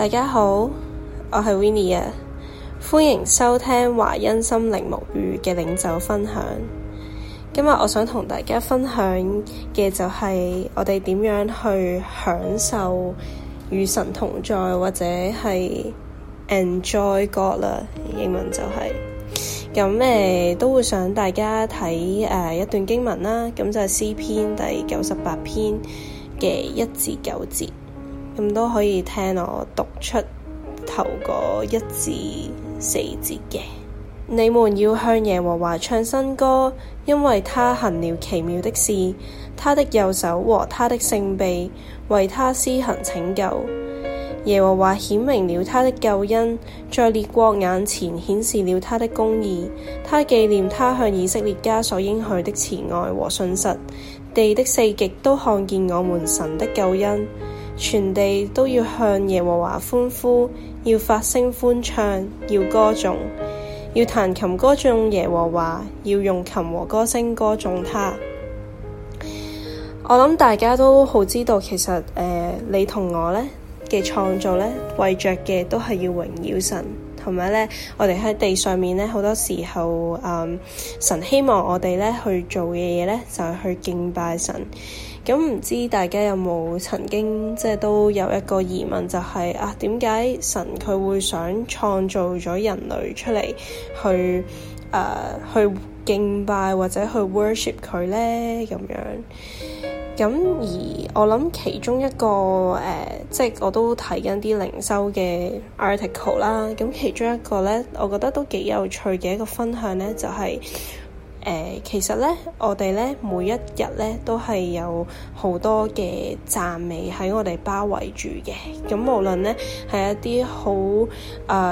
大家好，我係 Winnie 啊，歡迎收聽華欣心靈沐雨嘅領袖分享。今日我想同大家分享嘅就係我哋點樣去享受與神同在，或者係 enjoy God 啦，英文就係咁誒，都會想大家睇誒、呃、一段經文啦。咁就係詩篇第九十八篇嘅一至九節。咁都可以聽我讀出頭嗰一至四節嘅。你們要向耶和華唱新歌，因為他行了奇妙的事，他的右手和他的聖臂為他施行拯救。耶和華顯明了他的救恩，在列國眼前顯示了他的公義。他紀念他向以色列家所應許的慈愛和信實，地的四極都看見我們神的救恩。全地都要向耶和華歡呼，要發聲歡唱，要歌頌，要彈琴歌頌耶和華，要用琴和歌聲歌頌他。我諗大家都好知道，其實誒、呃，你同我咧嘅創作咧，為着嘅都係要榮耀神。同埋咧，我哋喺地上面咧，好多時候，嗯，神希望我哋咧去做嘅嘢咧，就係去敬拜神。咁唔知大家有冇曾經即係、就係、都有一個疑問、就係，就係啊，點解神佢會想創造咗人類出嚟去誒、呃、去敬拜或者去 worship 佢咧咁樣？咁而我諗其中一個誒、呃，即係我都睇緊啲靈修嘅 article 啦。咁其中一個咧，我覺得都幾有趣嘅一個分享咧，就係、是。誒、uh, 其實咧，我哋咧每一日咧都係有好多嘅讚美喺我哋包圍住嘅。咁無論咧係一啲好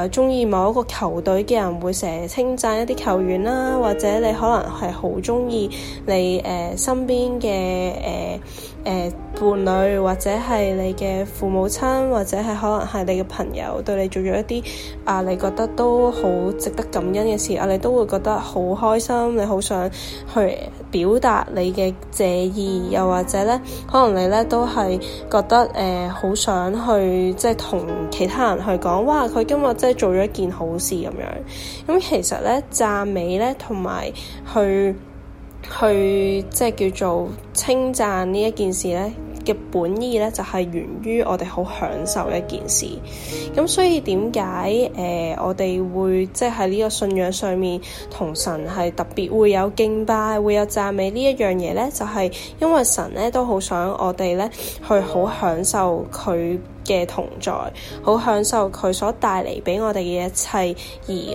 誒中意某一個球隊嘅人會成日稱讚一啲球員啦，或者你可能係好中意你誒、呃、身邊嘅誒誒伴侶，或者係你嘅父母親，或者係可能係你嘅朋友對你做咗一啲啊，你覺得都好值得感恩嘅事啊，你都會覺得好開心，你好～好想去表達你嘅謝意，又或者呢，可能你呢都係覺得誒好、呃、想去即係同其他人去講，哇！佢今日真係做咗一件好事咁樣，咁、嗯、其實呢讚美呢同埋去去即係叫做稱讚呢一件事呢。嘅本意咧，就係源於我哋好享受一件事，咁所以點解誒我哋會即係呢個信仰上面同神係特別會有敬拜、會有讚美呢一樣嘢咧？就係因為神咧都好想我哋咧去好享受佢。嘅同在，好享受佢所帶嚟俾我哋嘅一切，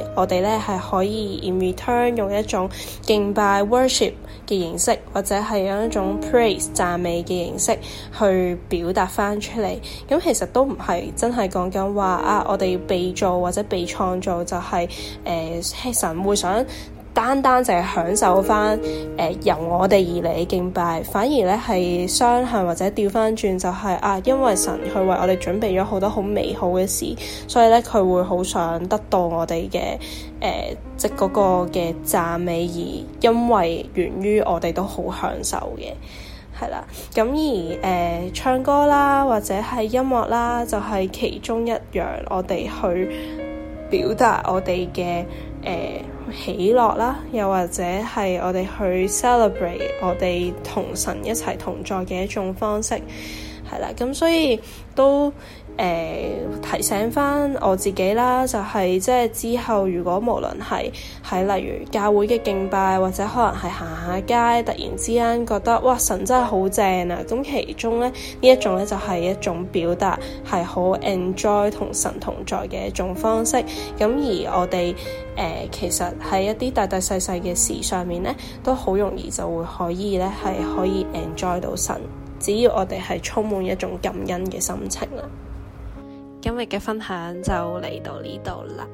而我哋咧係可以 in return 用一種敬拜 worship 嘅形式，或者係用一種 praise 讚美嘅形式去表達翻出嚟。咁其實都唔係真係講緊話啊！我哋要被造或者被創造，就係、是、誒、呃、神會想。單單淨係享受翻誒、呃、由我哋而嚟敬拜，反而咧係雙向或者調翻轉就係、是、啊，因為神佢為我哋準備咗好多好美好嘅事，所以咧佢會好想得到我哋嘅誒即嗰個嘅讚美，而因為源於我哋都好享受嘅，係啦。咁而誒、呃、唱歌啦，或者係音樂啦，就係、是、其中一樣我哋去表達我哋嘅誒、呃喜樂啦，又或者係我哋去 celebrate 我哋同神一齊同在嘅一種方式。係啦，咁所以都誒、呃、提醒翻我自己啦，就係即係之後，如果無論係喺例如教會嘅敬拜，或者可能係行下街，突然之間覺得哇神真係好正啊！咁其中咧呢一種咧就係、是、一種表達，係好 enjoy 同神同在嘅一種方式。咁而我哋誒、呃、其實喺一啲大大細細嘅事上面咧，都好容易就會可以咧係可以 enjoy 到神。只要我哋係充滿一種感恩嘅心情，今日嘅分享就嚟到呢度啦。